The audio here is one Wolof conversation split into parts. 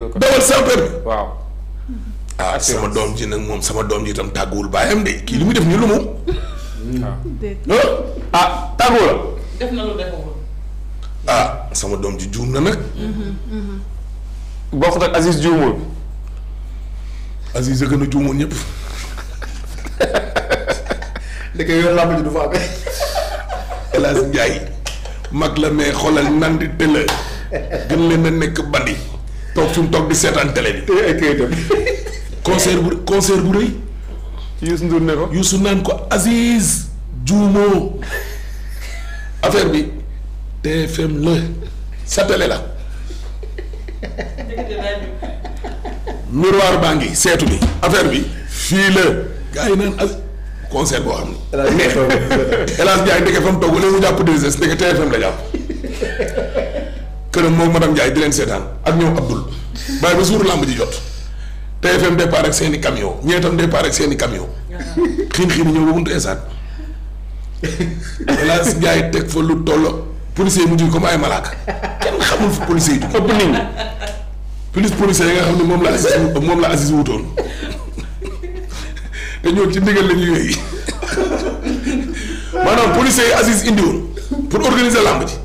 dawal sans permis waaw ah sama doom ji nag moom sama doom ji itam tàgguwul bàyyam de kii li muy def nii lu moom hmm. ah, ah tàggu la na lu defoo ah sama doom ji juum na nag mm-hmm, mm-hmm. bokkut ak Aziz juumoon Aziz a gën a juumoon ñëpp ndeke yoon làmb du fa amee El Hadj mag la mais xoolal nandite la gën leen a nekk bandi toog fi mu toog di seetaan télé bi. tey ay këyitam. concert bu concert bu rëy. Youssou ne ko. Youssou naan ko Aziz juumoo affaire bi TFM la sa télé la. miroir baa ngi seetu bi affaire bi fii la gars yi naan as concert boo xam ne. El Hadj Ndiaye ndeke fa mu toog wala mu jàpp 2S ndeke TFM la jàpp. këram moom madame Ndiaye di leen seetaan ak ñoom Abdoul bàyyi ba suur làmb ji jot TFM départ ak seen i camion ñee tam départ ak seen camion xiin xiin ñëw ba buntu esaat El Hadj Ndiaye teg fa lu toll policier yi mujj ma ay malaaka kenn xamul fu policier yi ëpp nit ñi plus policier yi nga xam ne moom la Aziz moom la Aziz wutoon te ñoom ci ndigal la ñu yooyu maanaam policier yi Aziz indiwoon pour organiser làmb ji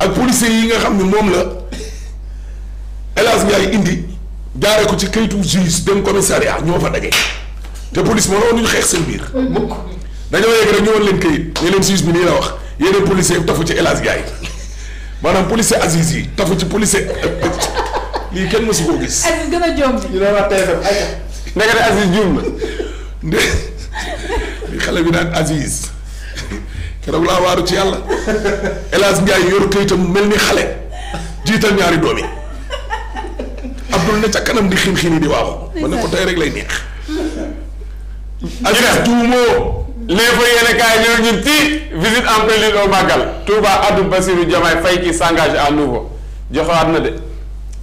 ak policiers yi nga xam ne moom la El Hadj indi jaaree ko ci kayitu justice dem commissariat ñoo fa daje te police moo la woon ñu xeex seen biir. mukk dañoo yegg rek ñu woon leen kayit ne leen juge bi nii la wax yeneen policiers tafu ci El Hadj maanaam policier Aziz yi tafu ci policier lii kenn mësu koo gis. Aziz gën a jombi. ñu doon wax TFM ayca. naka ne Aziz juum xale bi naan Aziz. keroog laa waaru ci yàlla El Hadj Ndiaye yor mel ni xale jiital ñaari doom yi Abdoul ne ca kanam di xiin xiin yi di waaxu ma ne ko tey rek lay neex. Aziz Toumo l'info yéen kaay ñëw ñu ci visite en prélude au Magal Touba Abdou Bassirou Diomaye Faye qui s'engage à nouveau joxewaat na de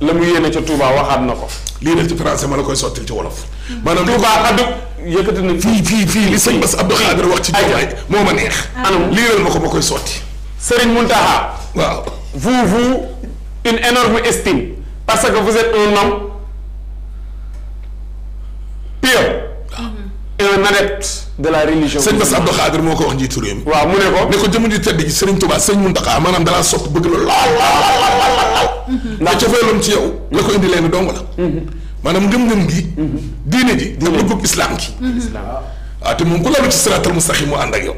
la mu yéene ca Touba waxaat na ko. lii def ci français ma la koy sottil ci wolof. maanaam Touba Abdou. yëkkati na fii fii fii li sëñ Bass Abdou Khadre wax ci Diomaye moo ma neex. anam lii leen ma ko ma koy sotti. Serigne Mountakha. waaw vous vous une énorme estime parce que vous êtes un homme pieux. a ah. un adepte de la religion. sëñ Bass Abdou Khadre moo ko wax njiitu réew mi. waaw mu ne ko ne ko jëmu ji tedd ji Serigne Touba sëñ Mountakha maanaam dalaa sotti bëgg la lool lool lool lool. ndax cofeelam ci yow. la ko indi leen dong la. Mhm. maanaam ngëm-ngëm gi. Mm-hmm. diine ji. Mm-hmm. diine bëggug islam gi. waaw mm-hmm. ah, te moom ku lalu ci siraatal mustaqim mu ànd ak yow.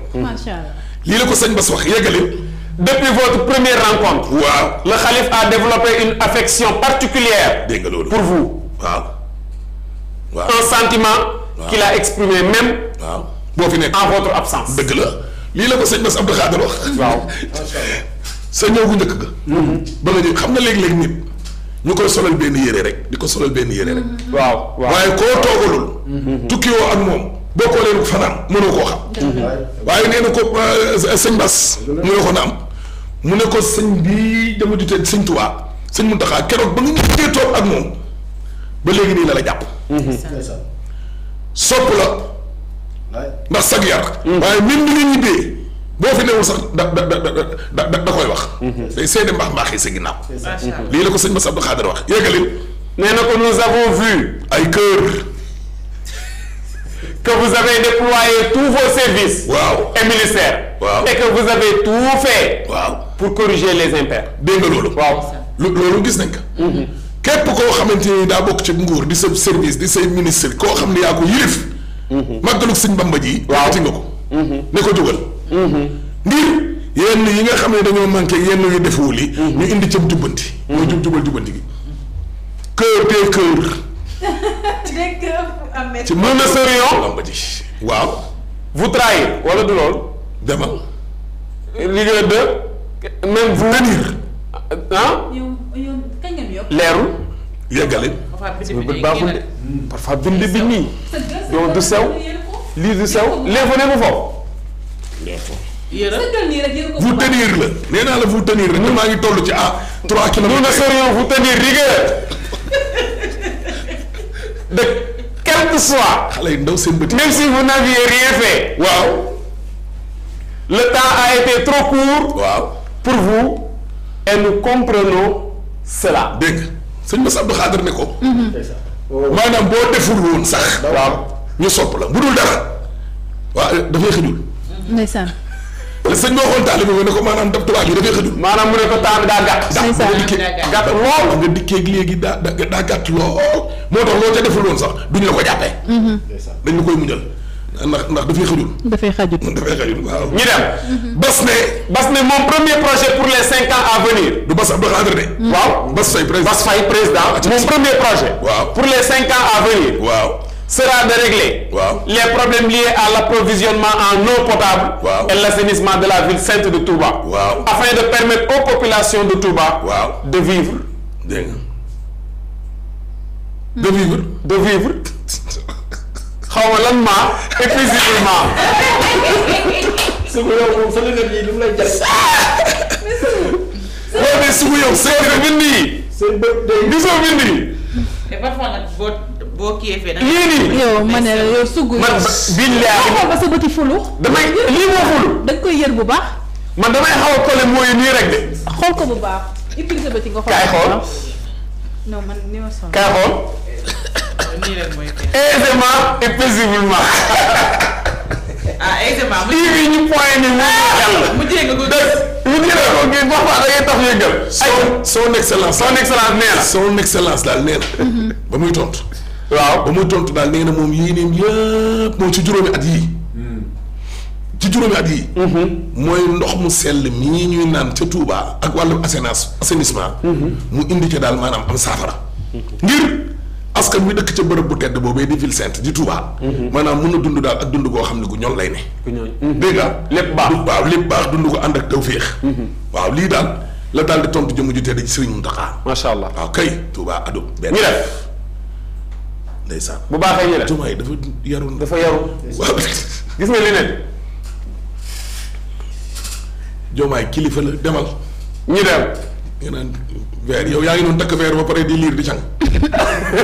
lii la ko sañ Bass wax yeggali. depuis votre première rencontre. waaw le xalif a développé une affection particulière. dégg nga loolu pour vous. waaw waaw un sentiment. waaw boo fi nekk en votre la lii la ko sañ Bass Abdou Khadre wax. sa ñëw gu njëkk ga. ba nga ñëw xam na léegi léegi nit. ñu koy solal benn yére rek di ko solal benn yére rek. Mm-hmm. waaw waaw waaye koo toogalul. Mm-hmm. tukki ak moom boo ko leen fanaan mënoo koo xam. Mm-hmm. waaye nee ko euh, euh, sëñ Bas. mu ne ko na am mu ne ko sëñ bii dama di tëj sëñ Tuubaa sëñ ak keroog ba nga ñëwee toog ak moom ba léegi nii la la jàpp. sopp la. ndax sag yar. waaye même bi nga ñibbee. boo fi newul sax da da da da da koy wax. Mhm. day seede mbaax mbaax yi sa ginnaaw. lii la ko sëñ Bass Abdou Khadre wax yëgalil. nee na ko nous avons vu. ay cœur. que vous avez déployé tous vos services. waaw et ministères. waaw et que vous avez tout fait. waaw pour corriger les impairs. dégg nga loolu. waaw loolu gis nañ ko. Mhm. képp koo xamante ni daa bokk ci nguur di sa service di say ministre koo xam ne yaa ko yilif. Mhm. màggalu sëñ Bamba ji. waaw Mm-hmm. ngir yenn yi nga xam ne dañoo manqué yenn yu defewul yi mm-hmm. ñu indi cëb jubbanti mm-hmm. mooy jub jubal jubbanti gi cœur des cœurs ci mën na sérion waaw vous trahir wala du loolu demal rigueur de même vous tenir ah leerul yeggale bët baaxul de parfois bind bi nii yow du sew lii du sew léegi fa ne mu foofu vous tenir la nee la vous tenir la maa ngi toll ci à trois kilomètres. nous ne serions vous tenir rigueur de quelque soit. xale yu ndaw seen bët. même si vous n'aviez rien temps a été trop court. waaw pour vous. et nous comprenons cela. dégg nga sëñ Bass Abdou Khadre ne ko. Mhm. maanaam boo deful woon sax. ñu sopp la bu dul dara. waaw dafay xëjul. ndeysaan. la sëñ bi waxoon taalibe maanaam dab tubaab yi dafay xëjul. maanaam mu ne ko temps bi daa gàtt. ndeysaan daa gàtt lool nga dikkee léegi daa daa gàtt lool moo tax loo ca deful woon sax duñ la ko jàppee. Mm-hmm. dañ la koy muñal. ndax ndax dafay xajul. dafay xajul waaw. ñu dem. Mm-hmm. bas ne. bas ne mon premier projet pour les cinq ans à venir. du bas Abdou de. Mm-hmm. waaw bas Faye président bas Faye président. mon premier projet. waaw pour les cinq ans à sera de régler wow. les problèmes liés à l'approvisionnement en eau potable wow. et de la ville sainte de Touba wow. de permettre aux populations de Touba de vivre de vivre de vivre xaw ma lan maa et paisiblement sugu yow moom sa lëgër yi lu de sugu te parfois nag boo boo kii fee. lii nii yow ma la yow sugg. man billaahi xool ba sa bëti fulu. damay lii moo fulu. da nga koy yër bu baax. man damay xaw a collé mooy nii rek de. xool ko bu baax. utiliser bëti nga xool kaay xool. non xool. nii rek mooy ah exactement ah, mu ñu point nii mu yàlla. nee na. son excellence daal nee mhm. ba muy tontu. waaw ba muy tontu daal nee na moom yéeneem yëpp moom ci juróomi at yii. Hmm. ci juróomi at yii. Mhm. mooy ndox mu sell mii ñuy naan ca Touba ak wàllu assainage assainissement. Mhm. mu indi ca daal maanaam am saafara. ngir. askan wi dëkk ca bërëb bu tedd boobee di ville sainte di Touba. Mhm. maanaam mun na dund daal ak dund koo xam ne gu ñool lay ne. dégg nga mhm. lépp baax waaw lépp baax dund ko ànd ak tawféex. Mhm. waaw lii daal la daal di tontu jëmm ju tedd ji Serigne Mountakha. macha allah waaw kay Touba ado benn bu baaxee dafa yaru dafa yaru waaw gis nga leneen. Diomaye kilifa la demal. ñu dem. nga naan verre yaa ngi doon takk verre ba pare di liir di càng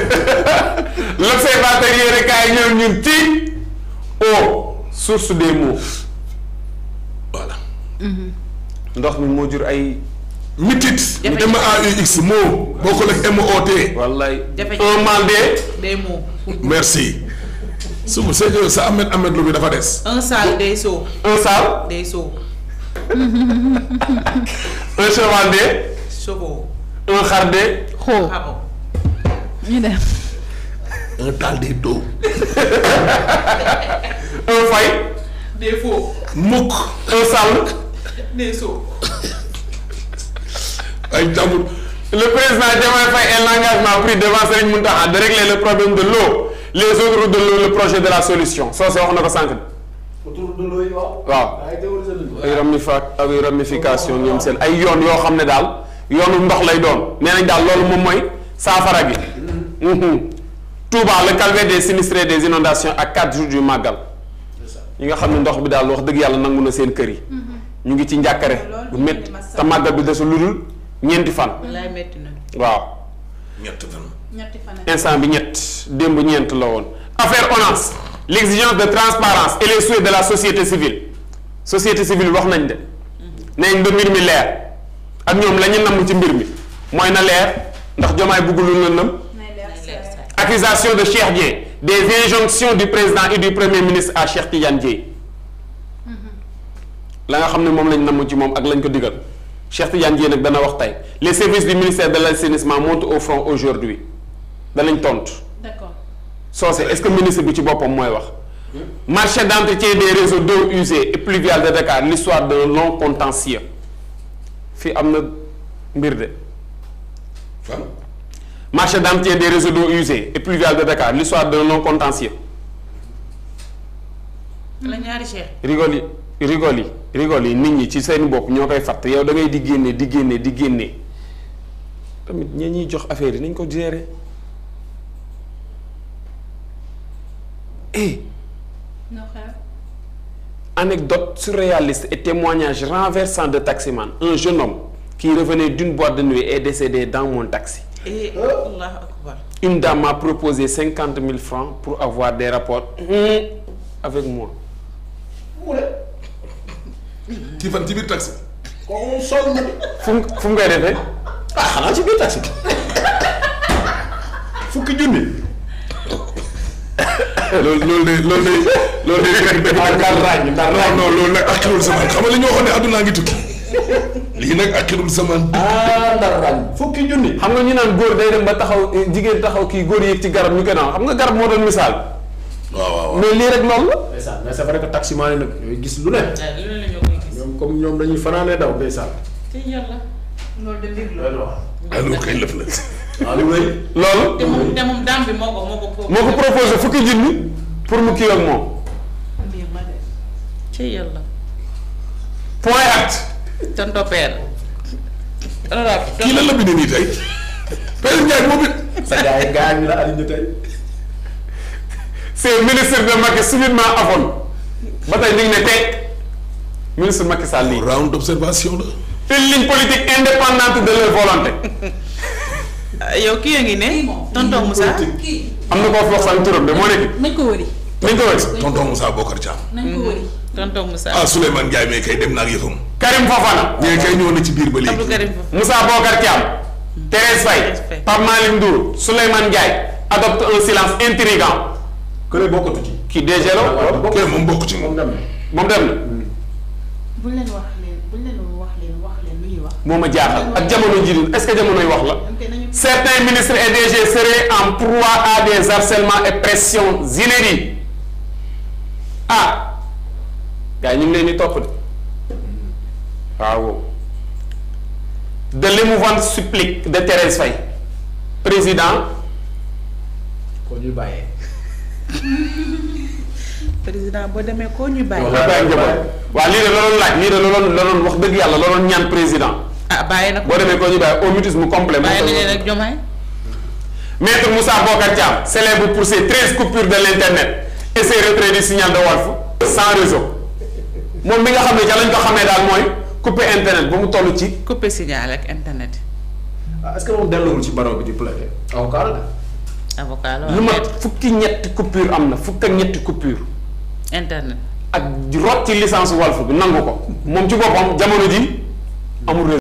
l'observateur yéene kaay ñëw ñun ci eau source des mots voilà mm-hmm. ndox mi moo jur ay mitit m a u x moo bokkul ak m o t wallaay un mal des merci su ma sëñ sa Ahmed Ahmed lu bi dafa des un sale des sots un sale des sots un cheval des Sobo. un xar ah, de. xoo ñu dem. un taal des doo. un fay. des faux. mukk un sàll. ay jàmbur le président Diomaye Faye est l'engagement pris devant de régler le problème de l'eau les autoroutes de l'eau le projet de la solution soo se wax na ko sànq. autoroute de l'eau yi ay ramification ñoom seen ay yoon yoo xam ne daal. yoonu ndox lay doon nee nañ daal loolu moom mooy saafara gi Touba le calvaire des sinistrés des inondations ak quatre jours yu màggal ñi nga xam ne ndox bi daal wax dëgg yàlla nangu na seen kër yi ñu ngi ci njàkkare bu métti te màggal bi desul lu dul ñeenti fan waaw ñett instant bi ñett démb ñeent la woon affaire ONAS l'exigence de transparence et les souhaits de la société civile société civile wax nañ de nañ ba mbir mi leer ak ñoom la ñu namm ci mbir mi mooy na leer ndax jomaay buggul lu lëndëm accusation de Cheikh Dieng des injonctions du président et du premier ministre à Cheikh Tidiane Dieng mm-hmm. la nga xam ne moom lañ namm ci moom ak lañ ko digal Cheikh Tidiane Dieng nag dana wax tey les services du ministère de l'assainissement montent au front aujourd'hui danañ tontu. d'accord soose est-ce que ministre bi ci boppam mooy wax. marché d'entretien des réseau d'eau usée et pluviale de Dakar l'histoire fii am na mbir de. marché d'entier des réseaux d'eau usée et pluviale de Dakar l'histoire d'un non contentieux. la ñaari cher. rigol yi rigol yi rigol yi nit ñi ci seen bopp ñoo koy fàtt yow dangay di génne di génne di génne tamit ña ñuy jox affaire yi nañ ko gérer. anecdotes surréalistes et témoignages renversants de taximan un jeune homme qui revenait d'une boîte de nuit est décédé dans mon taxi. Euh. une dame m'a proposé cinquante mille francs pour avoir des rapports avec moi. ci fan ci biir taxi. kooku ah xanaa ci biir taxi. fukki junni. loolu loolu day loolu day loolu day daan daan ràññ daan ràññ non loolu nag akirul zaman xam nga li ñu waxoon ne addunaa ngi tukki lii nag akirul zaman ah daan ràññ fukki junni xam nga ñu naan góor day dem ba taxaw eh, jigéen taxaw kii góor yéeg ci garab ñu gën a xam nga garab moo doon misaal waaw waaw mais lii rek loolu la ndeysaan mais c'est vrai que taximaan yi nag gis lu ne eh, ñoom comme ñoom dañuy fanaanee daw ndeysaan loolu de mbir la moo ko moo ko. moo pour mu kii ak moom. ci yàlla. point acte. tonton Père. kii lan la bind nii tey. Père Ndiaye moo bind. sa gars yi gaañ la ministre de Macky subitement avon ba tey ñu ngi ne teg ministre Macky Sall lii. round d'observation une ligne politique indépendante de leur volonté. yow kii a ngi ne. tonton Moussa am na koo fi wax sànq turam de moo nekk. nañ ko wëri. nañ ko wëri tonton Moussa Bokar Thiam. nañ ko wëri. Mm-hmm. tonton Moussa. ah Souleymane Ndiaye mais kay dem na ak yëfam. Karim Fofana. ñee kay ñëw na ci biir ba léegi. Abdou Karim Moussa Bokar Thiam. Mm-hmm. Thérèse Faye. Pape Malick Ndour. Souleymane Ndiaye. adopte un silence intrigant. kële bokkatu ci. kii DG la. bokk ci moom dem na. moom dem na. bu leen moo ma jaaxal ak jamono ji est-ce que jamonoy wax la certains ministres et DG seraient en proie à des harcèlements et pressions inédits ah gars yi ñu ngi leen di topp de waaw de l'émouvante supplique de Thérèse Faye président. koo ñuy bàyyee. président boo demee koo ñuy bàyyee. waaw lii de la doon laaj lii de la doon la doon wax dëgg yàlla la doon ñaan président. ah bàyyi na ko boo demee koo ñu bàyyi au mutisme complet. bàyyi na leen ak Diomaye. maître Moussa Bocar Thiam célèbre pour ses treize coupures de l' internet et ses signal de Walf moom mi nga xam ne ca lañ ko xamee daal mooy couper internet ba mu toll ci. couper signal ak internet. ah est que moom delluwul ci baro bi di plaidé avocat am na fukk ak ñetti ak rot ci licence Walf bi nangu ko moom ci boppam jamono ji amul